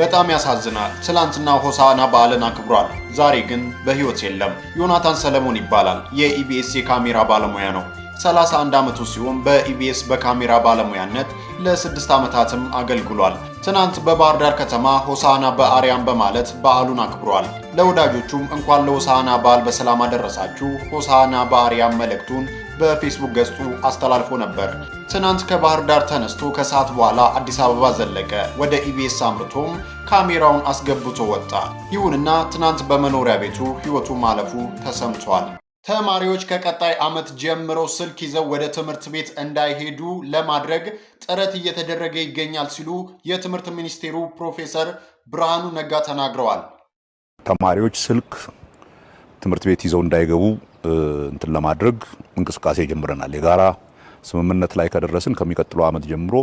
በጣም ያሳዝናል። ትላንትና ሆሳና በዓልን አክብሯል። ዛሬ ግን በህይወት የለም። ዮናታን ሰለሞን ይባላል። የኢቢኤስ የካሜራ ባለሙያ ነው። 31 ዓመቱ ሲሆን በኢቢኤስ በካሜራ ባለሙያነት ለስድስት ዓመታትም አገልግሏል። ትናንት በባህር ዳር ከተማ ሆሳና በአርያም በማለት በዓሉን አክብሯል። ለወዳጆቹም እንኳን ለሆሳና በዓል በሰላም አደረሳችሁ ሆሳና በአርያም መልእክቱን በፌስቡክ ገጹ አስተላልፎ ነበር። ትናንት ከባህር ዳር ተነስቶ ከሰዓት በኋላ አዲስ አበባ ዘለቀ። ወደ ኢቢኤስ አምርቶም ካሜራውን አስገብቶ ወጣ። ይሁንና ትናንት በመኖሪያ ቤቱ ሕይወቱ ማለፉ ተሰምቷል። ተማሪዎች ከቀጣይ ዓመት ጀምሮ ስልክ ይዘው ወደ ትምህርት ቤት እንዳይሄዱ ለማድረግ ጥረት እየተደረገ ይገኛል ሲሉ የትምህርት ሚኒስቴሩ ፕሮፌሰር ብርሃኑ ነጋ ተናግረዋል። ተማሪዎች ስልክ ትምህርት ቤት ይዘው እንዳይገቡ እንትን ለማድረግ እንቅስቃሴ ጀምረናል። የጋራ ስምምነት ላይ ከደረስን ከሚቀጥለው ዓመት ጀምሮ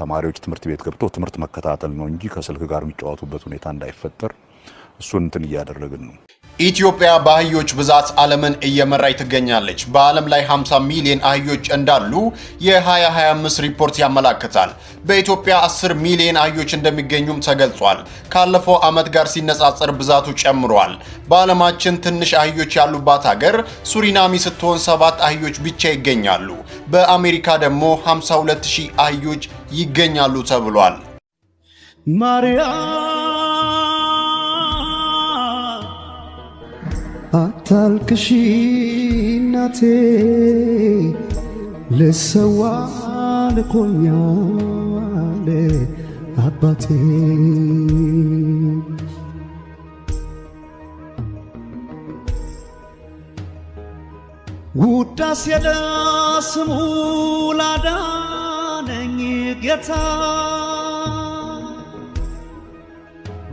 ተማሪዎች ትምህርት ቤት ገብቶ ትምህርት መከታተል ነው እንጂ ከስልክ ጋር የሚጫወቱበት ሁኔታ እንዳይፈጠር እሱን እንትን እያደረግን ነው። ኢትዮጵያ በአህዮች ብዛት ዓለምን እየመራይ ትገኛለች። በዓለም ላይ 50 ሚሊዮን አህዮች እንዳሉ የ2025 ሪፖርት ያመላክታል። በኢትዮጵያ 10 ሚሊዮን አህዮች እንደሚገኙም ተገልጿል። ካለፈው ዓመት ጋር ሲነጻጸር ብዛቱ ጨምሯል። በዓለማችን ትንሽ አህዮች ያሉባት ሀገር ሱሪናሚ ስትሆን ሰባት አህዮች ብቻ ይገኛሉ። በአሜሪካ ደግሞ 52 ሺህ አህዮች ይገኛሉ ተብሏል። ማርያም አታልቅሺ እናቴ ልሰዋ ልኮኛል አባቴ ውዳሴ ለስሙ ላዳነኝ ጌታ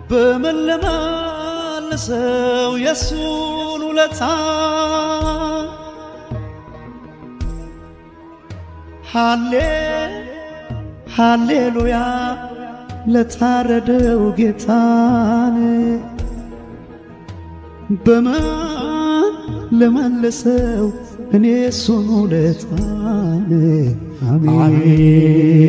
በምን ልመልሰው የሱስ ውለታ ሃሌ ሃሌሉያ ለታረደው ጌታን በማን ለመለሰው እኔ እሱን ውለታን አሜን።